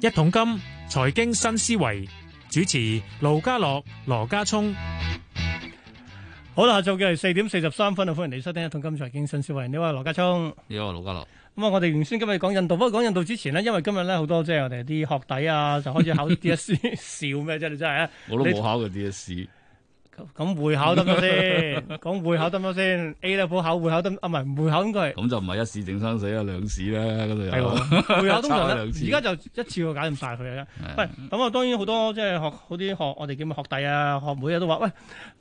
一桶金財經新思維主持盧家樂羅家聰，好啦，下晝嘅係四點四十三分啊，歡迎你收聽一桶金財經新思維。你好，我係羅家聰，你好，我係盧家樂。咁啊，我哋原先今日講印度，不過講印度之前呢，因為今日咧好多即係、就是、我哋啲學弟啊，就開始考 DSE，笑咩啫？ 你真係啊，我都冇考過 DSE 你。 咁會考得唔得先？咁會 考得唔得先？A 咧補考會考得唔係會考應該咁就唔係一試定生死啊，兩試啦，咁就又會考通常而家就一次搞掂晒佢啊，咁啊的。當然好多即係學，好啲學我哋叫學弟啊，學妹、欸、啊，都話喂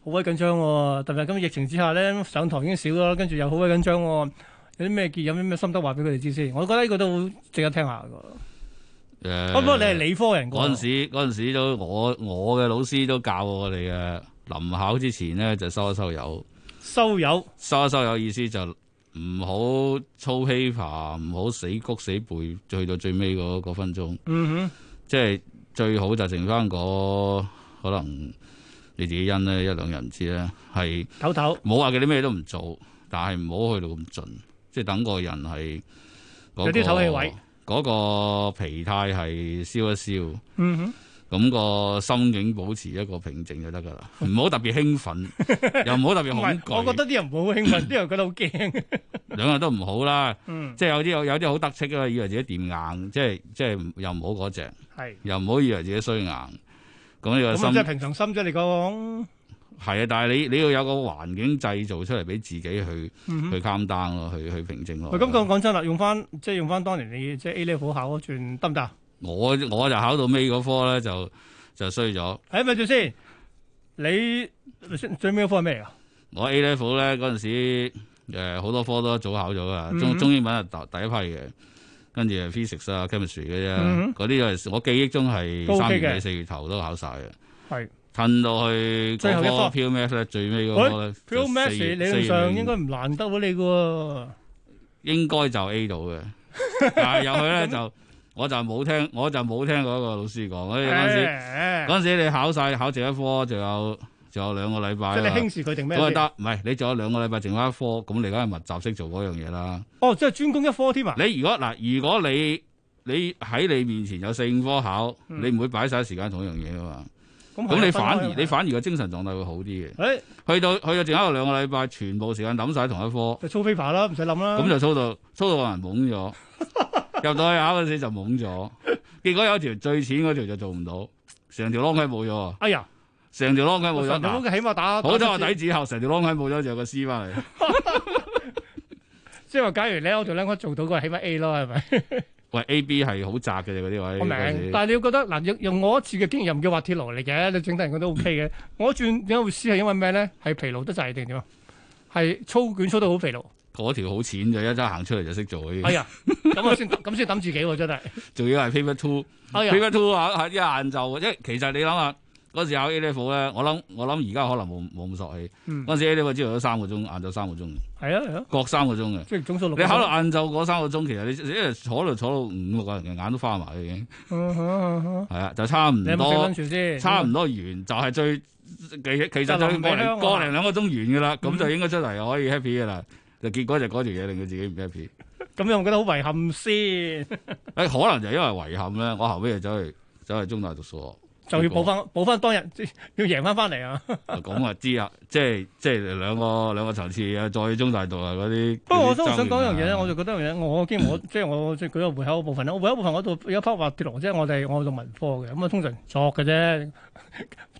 好鬼緊張喎，特別咁疫情之下咧，上堂已經少咗。跟住又好鬼緊張，有啲咩結，有啲咩心得話俾佢哋知先。我覺得呢個都好值得聽下嘅。誒，不過你係理科人嗰陣時，嗰陣時都我我嘅老師都教過我哋嘅。臨考之前咧，就收一收油，收油有，收一收油意思就唔好粗欺爬，唔好死谷死背，去到最尾嗰分鐘，嗯哼，即係最好就剩翻嗰可能你自己因咧一兩人唔知咧係唞唞，冇話佢啲咩都唔做，但係唔好去到咁盡，即、就、係、是、等個人係、那個、有啲唞氣位，嗰個疲態係消一消，嗯哼。咁個心境保持一個平靜就得噶啦，唔好特別興奮，又唔好特別恐懼。 唔係，我覺得啲人唔好興奮，啲 人覺得好驚， 兩樣都唔好啦。嗯、即係有啲有有啲好得戚啊，以為自己掂硬，即係即係又唔好嗰隻，係是又唔好以為自己衰硬。咁呢是個心，即就平常心啫。你講係啊，但係你你要有個環境製造出嚟俾自己去、嗯、哼去擔當咯，去去平靜咯。咁講講真啦，用翻即係用翻當年你即係 A level 考轉得唔得？行我我就考到尾嗰科咧就就衰咗。誒，咪住先，你最尾嗰科係咩啊？我 A level 咧嗰陣時，誒，好多科都早考咗噶，中中英文係第第一批嘅，跟住 physics 啊、chemistry 嘅啫，嗰啲我記憶中係三月四月頭都考晒。嘅的。係，褪到去最後一科。p u 咧最尾嗰個咧，四、哎、月四理論上應該唔難得喎你嘅，應該就 A 到嘅，但是入去咧就。 我就冇聽，我就冇聽嗰個老師講嗰陣時。嗰陣、欸、時你考晒，考剩一科，仲有仲有兩個禮拜。即係你輕視佢定咩？咁啊得，唔係你仲有兩個禮拜，剩翻一科，咁你梗係密集式做嗰樣嘢啦。哦，即係專攻一科添啊！你如果嗱，如果你你喺你面前有四五科考，嗯、你唔會擺晒時間同一樣嘢噶嘛？咁、嗯、你反而、嗯、你反而個精神狀態會好啲嘅。誒、欸，去到去到剩一個兩個禮拜，全部時間諗晒同一科，就操飛啦，唔使諗啦。咁就操到操到個人懵咗。 入到去咬嗰次就懵咗，結果有一條最淺嗰條就做唔到，成條窿喺冇咗啊！哎呀，成條窿喺冇咗，你起碼打咗個底之後，成條窿喺冇咗就有個 C 翻嚟。即係話，假如咧我做咧我做到個起碼 A 咯，係咪喂？喂 ，A B 係好窄嘅嗰啲位。我明，就是、但係你要覺得嗱，用我一次嘅經驗又唔叫滑鐵盧嚟嘅，你整得人覺得 O K 嘅。 我轉點解會 C 係因為咩咧？係疲勞得滯定點啊？係操卷操得好疲勞。 嗰條好淺就一陣行出嚟就識做哎呀，咁我先咁先抌自己真係。仲要係 paper two，paper two 啊，一係晏晝即係其實你諗下嗰時候 A level 咧，我諗我諗而家可能冇冇咁傻氣。嗰時 A level 朝頭都三個鐘，晏晝三個鐘。係啊，各三個鐘嘅。即係總數六。你考度晏晝嗰三個鐘，其實你一坐度坐到五六個人嘅眼都花埋已經。係啊，就差唔多，差唔多完，就係最其實就個零零兩個鐘完噶啦，咁就應該出嚟可以 happy 噶啦。就結果就嗰條嘢令佢自己唔 happy，咁我覺得好遺憾先。誒、 欸，可能就因為遺憾咧，我後尾就走去走嚟中大讀數學，就要補翻個補翻當日要贏翻翻嚟啊！講話知啊，即係即係兩個兩個層次啊，再去中大讀啊嗰啲。不過 我都想講一樣嘢咧， 我就覺得一樣，我既然即係我即係舉個會考部分我會考部分我度有一 part 話跌落，即係我哋我讀文科嘅咁啊，通常作嘅啫，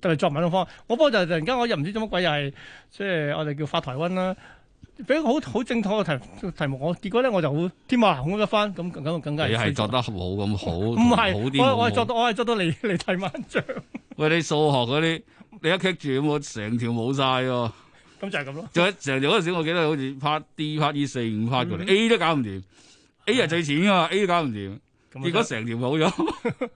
特 別作文嗰方。我不過就突然間我又唔知做乜鬼、就是，又係即係我哋叫發台溫啦。俾個好好正統嘅題目，我結果咧我就會天馬行空一番，咁咁更加你係作得好咁好，唔係 是好我係好作到我係作到你你睇埋張， 喂，你數學嗰啲你一棘住我成條冇晒喎，咁 就係咁咯。仲有成條嗰陣時，我記得好似拍 D part E 四五拍過嚟 A 都搞唔掂，A 就最淺㗎、啊、嘛 ，A 都搞唔掂，嗯、結果成條冇咗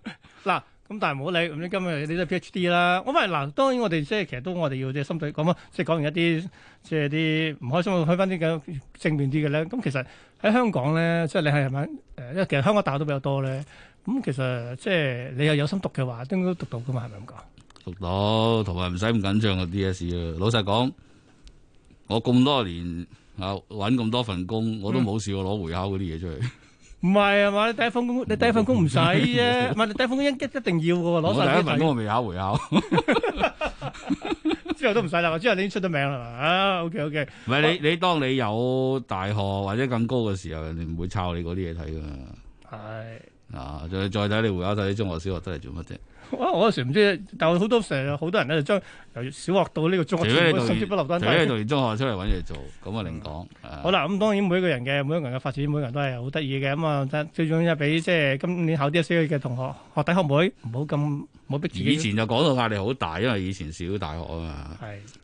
嗱。 咁但唔好理，咁你今日你都 PhD 啦。咁咪嗱，當然我哋即係其實都我哋要即係心對講咯。即係講完一啲即係啲唔開心，開翻啲咁正面啲嘅咧。咁其實喺香港咧，即係你係唔係？誒，因為其實香港大學都比較多咧。咁其實即係你又有心讀嘅話，應該都讀到噶嘛？係咪咁講？讀到同埋唔使咁緊張嘅 DSE。老實講，我咁多年啊揾咁多份工，我都冇試過攞會考嗰啲嘢出嚟。唔係啊嘛，你第一份工你第一份工唔使啫，唔係 你第一份工一一定要嘅喎，攞晒第一份工我未考回考， 之後都唔使啦，之後你已經出咗名啦 啊，OK OK 不。唔係我你你當你有大學或者咁高嘅時候，人哋你唔會抄你嗰啲嘢睇噶。係、哎。啊！再再睇你回答晒啲中學、小學都嚟做乜啫？我嗰時唔知道，但好多成好多人咧，就將由小學到呢個中學，甚至不立登，直接從中學出嚟揾嘢做，咁啊，另講、嗯。的好啦，咁、嗯、當然每一個人嘅，每個人嘅發展，每個人都係好得意嘅。咁、嗯、啊，最最重要就俾即係今年考啲 DSE 嘅同學，學弟學妹唔好咁，唔好逼自己。以前就講到壓力好大，因為以前小大學啊嘛，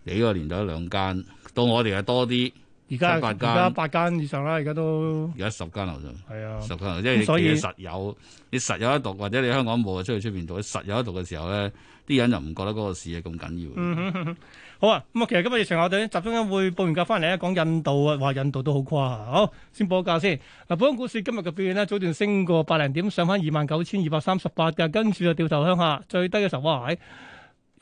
的你個年代兩間，到我哋啊多啲。而家而家八間以上啦，而家都而家十間樓上，係啊，十間樓即係其實實有，你實有得讀，或者你香港冇啊，出去出邊讀，實有得讀嘅時候咧，啲人就唔覺得嗰個事係咁緊要。嗯哼哼。好啊，咁啊，其實今日疫情，我哋集中一會報完價翻嚟咧，講印度啊，話印度都好誇，好先報個價先。嗱，本港股市今日嘅表現呢，早段升過百零點，上翻二萬九千二百三十八㗎，跟住就掉頭向下，最低嘅時候，哇，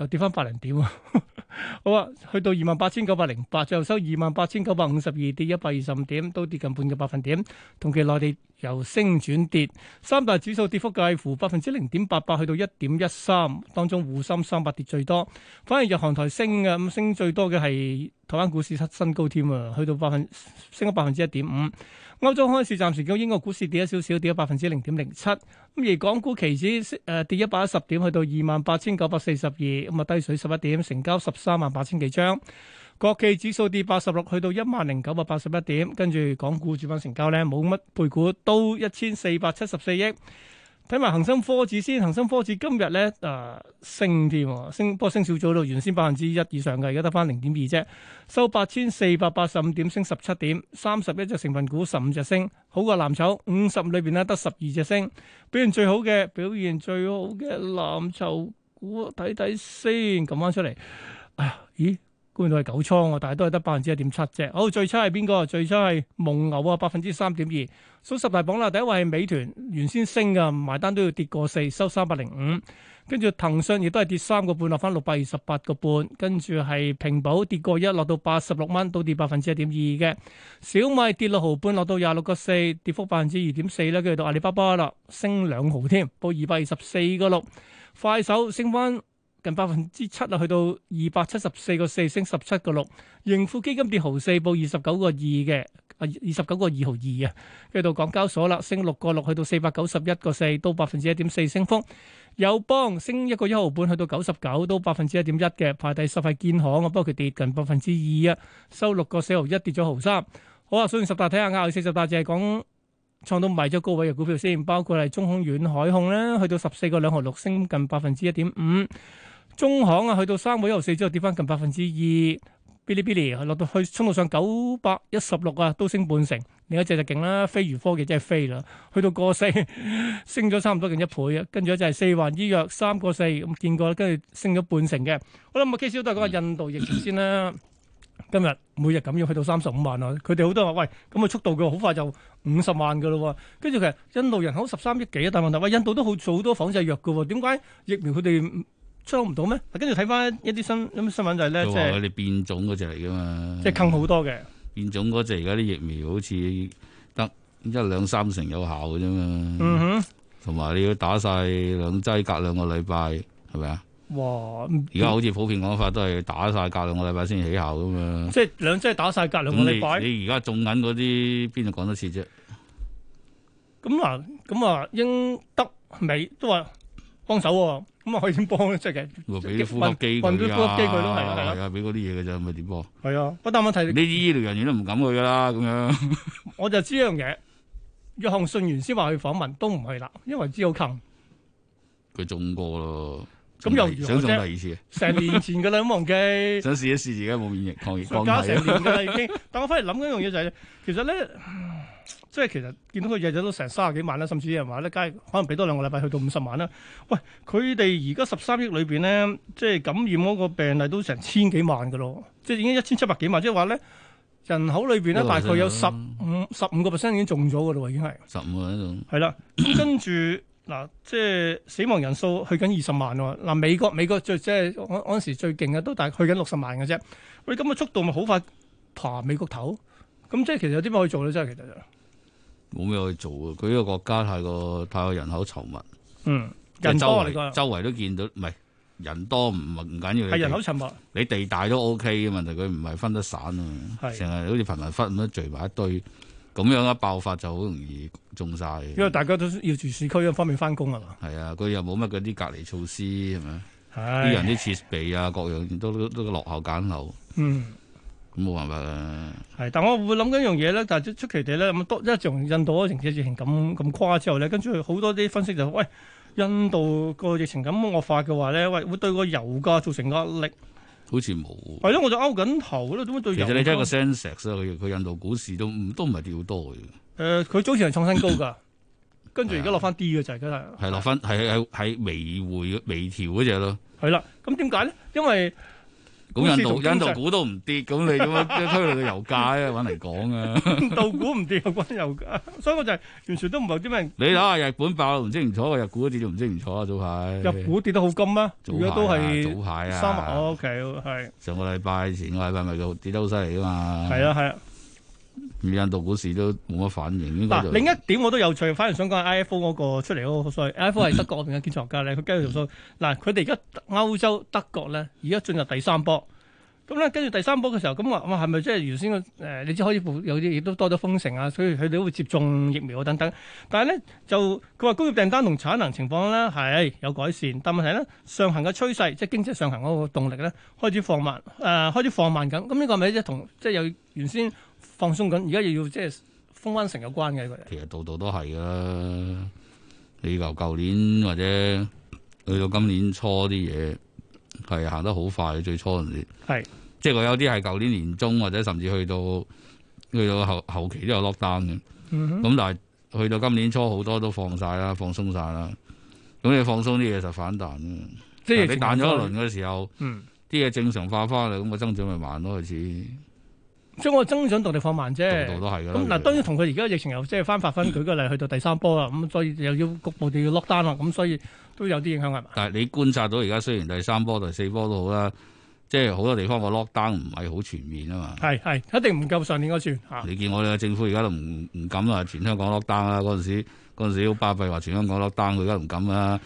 又跌翻百零點喎 好啊，去到二萬八千九百零八，最後收二萬八千九百五十二，跌一百二十五點，都跌近半個百分點，同期內地，由升轉跌，三大指數跌幅介乎百分之零點八八，去到一點一三。當中滬深三百跌最多，反而日韓台升嘅，咁升最多嘅係台灣股市出新高添啊，去到百分升咗百分之一點五。歐洲開市暫時叫英國股市跌咗少少，跌咗百分之零點零七。咁而港股期指誒跌一百一十點，去到二萬八千九百四十二，咁啊低水十一點，成交十三萬八千幾張。國企指數跌八十六，去到一萬零九百八十一點。跟住港股主板成交咧，冇乜配股，都一千四百七十四億。睇埋恒生科指先，恒生科指今日咧誒升添，升不過升少咗到原先百分之一以上嘅，而家得翻零點二啫。收八千四百八十五點，升十七點，三十一隻成分股，十五隻升，好過藍籌五十裏邊咧得十二隻升。表現最好嘅，表現最好嘅藍籌股，睇睇先，咁翻出嚟。哎呀，咦？估到係九倉啊，但係都係得百分之一點七啫。好、哦，最差係邊個？最差係蒙牛啊，百分之三點二。數十大榜啦，第一位係美團，原先升嘅，埋單都要跌過四，收三百零五。跟住騰訊亦都係跌三個半，落翻六百二十八個半。跟住係平保跌過一，落到八十六蚊，到跌百分之一點二嘅。小米跌六毫半，落到廿六個四，跌幅百分之二點四啦。跟住到阿里巴巴啦，升兩毫添，報二百二十四個六。快手升翻。近百分之七啊，去到二百七十四個四，升十七個六。盈富基金跌毫四，報二十九個二嘅，啊二十九個二毫二啊。跟住到港交所啦，升六個六，去到四百九十一個四，到百分之一點四升幅。友邦升一個一毫半，去到九十九，到百分之一點一嘅。排第十係建行啊，不過佢跌近百分之二啊，收六個四毫一，跌咗毫三。好啊，數完十大睇下啊，四十大就係講創到賣咗高位嘅股票先，包括係中控院、海控啦，去到十四個兩毫六，升近百分之一點五。中行啊，去到三個一毫四之後跌翻近百分之二，bilibili 落到去衝到上九百一十六啊，都升半成。另一隻就勁啦，飛魚科技真係飛啦，去到個四升咗差唔多近一倍啊。跟住一隻係四環醫藥三個四咁見過啦，跟住升咗半成嘅。好啦，咁啊，K 都係講下印度疫情先啦。今日每日咁樣要去到三十五萬啊，佢哋好多話喂，咁啊速度嘅好快就五十萬嘅咯喎。跟住其實印度人口十三億幾啊，大問題。喂，印度也很早都好做好多仿製藥嘅喎，點解疫苗佢哋？捉唔到咩？跟住睇翻一啲新新聞就係咧，即係你變種嗰隻嚟噶嘛，即係坑好多嘅變種嗰隻而家啲疫苗好似得一兩三成有效㗎啫嘛，嗯哼，同埋你要打晒兩劑隔兩個禮拜，係咪啊？哇！而家好似普遍講法都係打晒隔兩個禮拜先起效噶嘛，即係兩劑打晒隔兩個禮拜。你而家種緊嗰啲邊度講多次啫？咁啊，咁啊，英德美都話。幫手喎，咁啊可以點幫咧？即係，運啲呼吸機佢啊，係啊，俾嗰啲嘢嘅啫，咪點幫？係啊，不單唔係你啲醫療人員都唔敢去噶啦，咁樣。我就知一樣嘢，約翰遜原先話去訪問都唔去啦，因為知好近佢中過咯。咁又想中第二次？成年前嘅兩忘機，想試一試自己冇免疫抗力，加成年啦已經。但我反而諗緊一樣嘢就係，其實咧。即係其實見到佢日日都成三十幾萬啦，甚至有人話咧，加可能俾多兩個禮拜去到五十萬啦。喂，佢哋而家十三億裏邊咧，即係感染嗰個病例都成千幾萬噶咯，即係已經一千七百幾萬，即係話咧，人口裏邊咧大概有十五十五個 percent 已經中咗噶咯，已經係十五個喺度。係咳咳啦，跟住嗱，即係死亡人數去緊二十萬喎。嗱，美國美國最即係嗰陣時最勁嘅都大去緊六十萬嘅啫。喂，咁嘅速度咪好快爬美國頭？咁即係其實有啲咩可以做咧？真係其實、就是冇咩可以做啊！佢呢個國家太過太過人口稠密。嗯，人多嚟，周圍說都見到，唔係人多唔，唔緊要你。係人口稠密。你地大都 O K 嘅問題，佢唔係分得散啊，成日好似貧民窟咁樣聚埋一堆，咁樣一爆發就好容易中晒。因為大家都要住市區啊，方面翻工啊嘛。係啊，佢又冇乜嗰啲隔離措施，係咪？啲的唉人啲設備啊，各樣都都都落後簡陋。嗯。冇辦法啦。係，但係我會諗緊一樣嘢咧，但係出奇地咧咁多，一從印度情個疫情咁咁誇之後咧，跟住好多啲分析就話，喂，印度個疫情咁惡化嘅話咧，喂會對個油價造成壓力。好似冇。係咯，我就勾緊頭咯，點解對個油？其實你聽個 Sensex 佢佢印度股市都都唔係掉好多嘅。誒，佢早前係創新高噶，跟住而家落翻啲嘅就係。係落翻，係喺係微回微調嗰隻咯。係啦，咁點解咧？因為。咁印度印度股都唔跌，咁你咁樣即係推嚟個油價咧揾嚟講啊？印股唔跌，又關油價，所以我就係完全都唔知啲咩。你睇下日本爆唔知唔錯，個日股跌咗唔知唔錯啊，早排。日股跌得好金咩？而家都係，啊。早排啊。三日，okay。O K，係。上個禮拜前個禮拜咪跌得好犀利噶嘛。係啊係啊。印度股市都冇乜反應。應就是、另一點我都有趣，反而想講 I F O、那、嗰個出嚟衰。 IFO 係德國嗰邊嘅經濟學家咧，佢根據數據嗱，佢哋而家歐洲德國咧，而家進入第三波。咁咧，跟住第三波嘅時候，咁話哇係咪即係原先嘅，你知開始有啲亦都多咗封城啊，所以佢哋都會接種疫苗等等。但係咧就佢話工業訂單同產能情況咧係有改善，但問題咧，上行嘅趨勢即係、就是、經濟上行嗰個動力咧開始放慢，誒、呃、開始放慢緊。咁呢個咪即係同即係、就是、有原先？放鬆緊，而家又要即係封灣城有關嘅佢。其實度度都係啦。你由舊年或者去到今年初啲嘢係行得好快，最初嗰陣時。係是，即係我有啲係舊年年中，或者甚至去到去到後後期都有落單嘅。咁、嗯、哼但係去到今年初好多都放晒啦，放鬆晒啦。咁你放鬆啲嘢就反彈，即係你彈咗一輪嘅時候，啲嘢、嗯、正常化翻啦，咁、那個增長咪慢咯開始。將個增長度嚟放慢啫，度都係嘅。咁嗱，當然同佢而家疫情又即係翻翻分 舉個例去到第三波啦。咁所以又要局部地要 lock down 啦。咁所以都有啲影響係嘛？但係你觀察到而家雖然第三波第四波都好啦，即係好多地方個 lock down 唔係好全面啊嘛。係係，一定唔夠上年嗰次。是你見我哋政府而家都唔唔敢啦，全香港 lock down 啦。嗰陣時嗰陣時巴閉，話全香港 lock down 佢而家唔敢啦。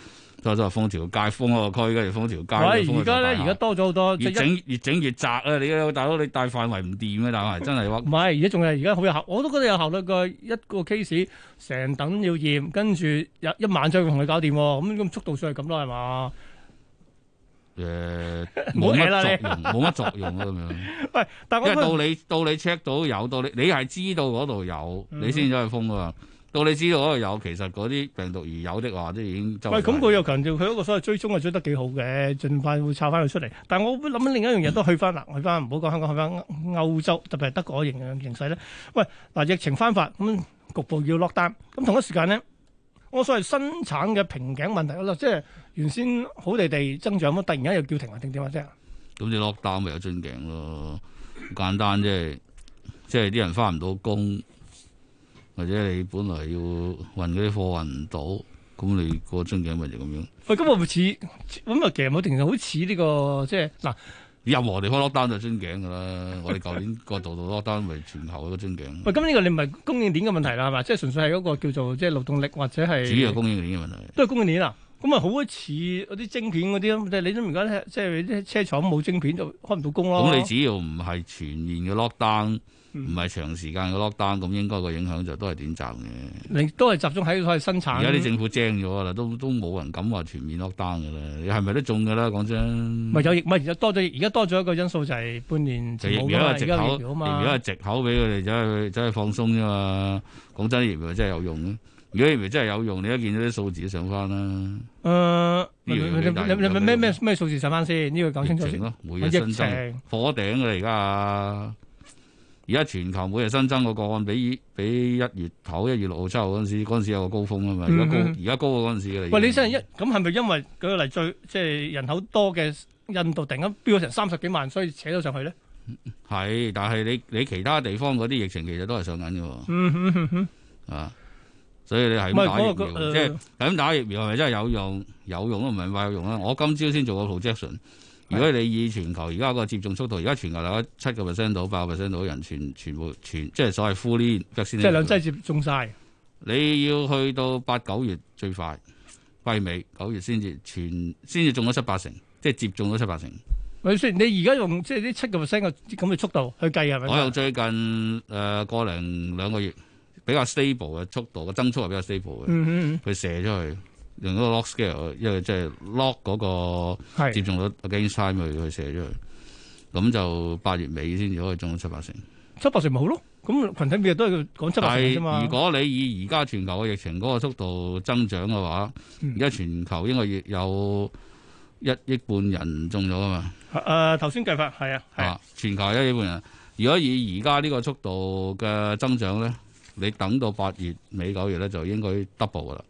再多封條街，封個區，跟住封條街而家咧，而家多咗好多。越整越整越窄啊！你大佬，你大範圍唔掂啊！大範圍真係唔係，而家仲係而家好有效，我都覺得有效率。個一個 case 成等要驗，跟住一晚再同佢搞掂。咁咁速度上係咁咯，係嘛？誒，冇乜作用，冇乜作用啊！咁樣。喂，但係到你到你 check 到有，到你你係知道嗰度有，你先至走去封㗎。到你知道度有，其實嗰啲病毒而有的話，都已經周圍。喂，咁佢又強調佢嗰個所謂追蹤係追得幾好嘅，盡快會拆翻佢出嚟。但係我諗緊另一樣嘢都去翻啦、嗯，去翻唔好講香港去翻歐洲，特別係德國形勢咧。喂，嗱疫情翻發咁局部要 lock down，咁同一時間呢，我所謂生產嘅瓶頸問題啦，即係原先好地地增長咁，突然間又叫停啊？定點啊？即係咁你 lock down 咪有樽頸咯，簡單啫，即係啲人翻唔到工。或者你本來要運嗰啲貨運唔到，咁你個樽頸咪就咁樣？喂，咁、這個、我似咁啊，其實 我突然好似呢個即係嗱，任何地方 lockdown 就樽頸噶啦。我哋舊年個度度 lockdown 咪全球都樽頸。喂，咁呢個你唔係供應鏈嘅問題啦，係嘛？即係純粹係嗰個叫做即係勞動力或者係主要供應鏈嘅問題，都係供應鏈啊。咁啊，好似嗰啲晶片嗰啲你都唔家咧，即係啲車廠冇晶片就開唔到工咯。咁你只要唔係全年嘅 lockdown。唔係長時間嘅 lockdown，咁應該個影響就都係短暫嘅。你都係集中喺佢生產。而家啲政府精咗啦，都都冇人敢話全面 lockdown 嘅啦。係咪都中㗎啦？講真。唔係有疫，唔係而家多咗。而家多咗一個因素就係半年。而家係借口，而家係借口俾佢哋，就係就係放鬆啫嘛。講真，疫苗真係有用。如果疫苗真係有用，你一見到啲數字上翻啦。誒、呃，啲係咩咩咩數字上翻先？呢個講清楚咯，疫情，每日新增。疫情，火頂啦！而家、啊。而家全球每日新增個個案比比一月頭一月六號、七號嗰陣時，嗰陣時有個高峰啊嘛，而家、嗯、哼高，而家高過嗰陣時嘅。喂，你真係一咁係咪因為舉個例最即係人口多嘅印度，突然間飆成三十幾萬，所以扯咗上去咧？係，但係你你其他地方嗰啲疫情其實都係上緊嘅。嗯，哼嗯哼啊，所以你係咁打疫苗，即係咁打疫苗係咪、呃、真係有用？有用都唔係話有用啦。我今朝先做個 projection。如果你以全球而家個接種速度，而家全球嚟講七個 percent 到八個 percent 到人全全部全即係所謂 fully，即係兩劑接種晒。你要去到八九月最快，歸尾九月先至全先至種咗七八成，即係接種咗七八成。喂，雖你而家用即係呢七個 percent 嘅咁嘅速度去計，係咪？我用最近誒過零兩個月比較 stable 嘅速度，個增速係比較 stable 嘅，佢、嗯嗯、射出去。用嗰個 log scale，因為即係 log 嗰個接種咗 against time 去去寫咗，咁就八月尾先至可以中到七八成，七八成咪好咯？咁群體免疫都係講七八成。如果你以而家全球嘅疫情嗰個速度增長嘅話，而家、嗯、全球應該有一億半人中咗啊嘛。誒頭先計法係啊，啊，全球一億半人，如果以而家呢個速度嘅增長咧，你等到八月尾九月咧，就應該 double 噶啦。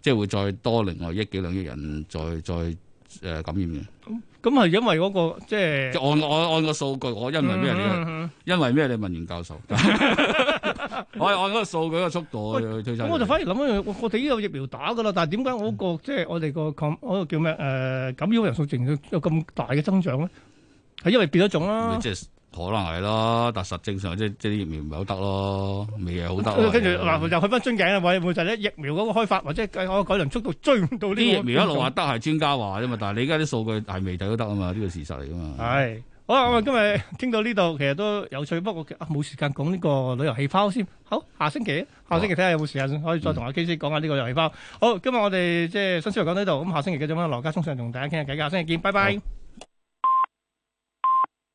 即係會再多另外一億幾兩億人再再誒、呃、感染嘅，咁係因為嗰、那個即係按按按個數據，我因為咩你、嗯、因為咩你、嗯、為你問完教授， 我係按嗰個數據個速度去去推測。我就反而諗一我我哋已經有疫苗打㗎喇，但係點解我、那個即係我哋個抗嗰個叫咩誒、呃、感染人數仲有咁大嘅增長咧？係因為變咗種啦。可能係咯，但實正常即係即係疫苗唔係好得咯，未嘢好得。跟住嗱，是吧又去翻樽頸啦，話會唔會就係疫苗嗰個開發或者我改良速度追唔到，呢啲疫苗一路話得係專家話啫嘛，但係你而家啲數據係未抵都得啊嘛，呢個事實嚟㗎嘛。係，好啊，嗯、今日傾到呢度，其實都有趣，不過冇、啊、時間講呢個旅遊氣泡先。好，下星期下星期睇下有冇時間、啊、可以再同阿 KC 講下呢個旅遊氣泡。好，今日我哋即係新書又講到呢度，咁下星期繼續翻羅家聰上同大家傾下偈，下星期見，拜拜。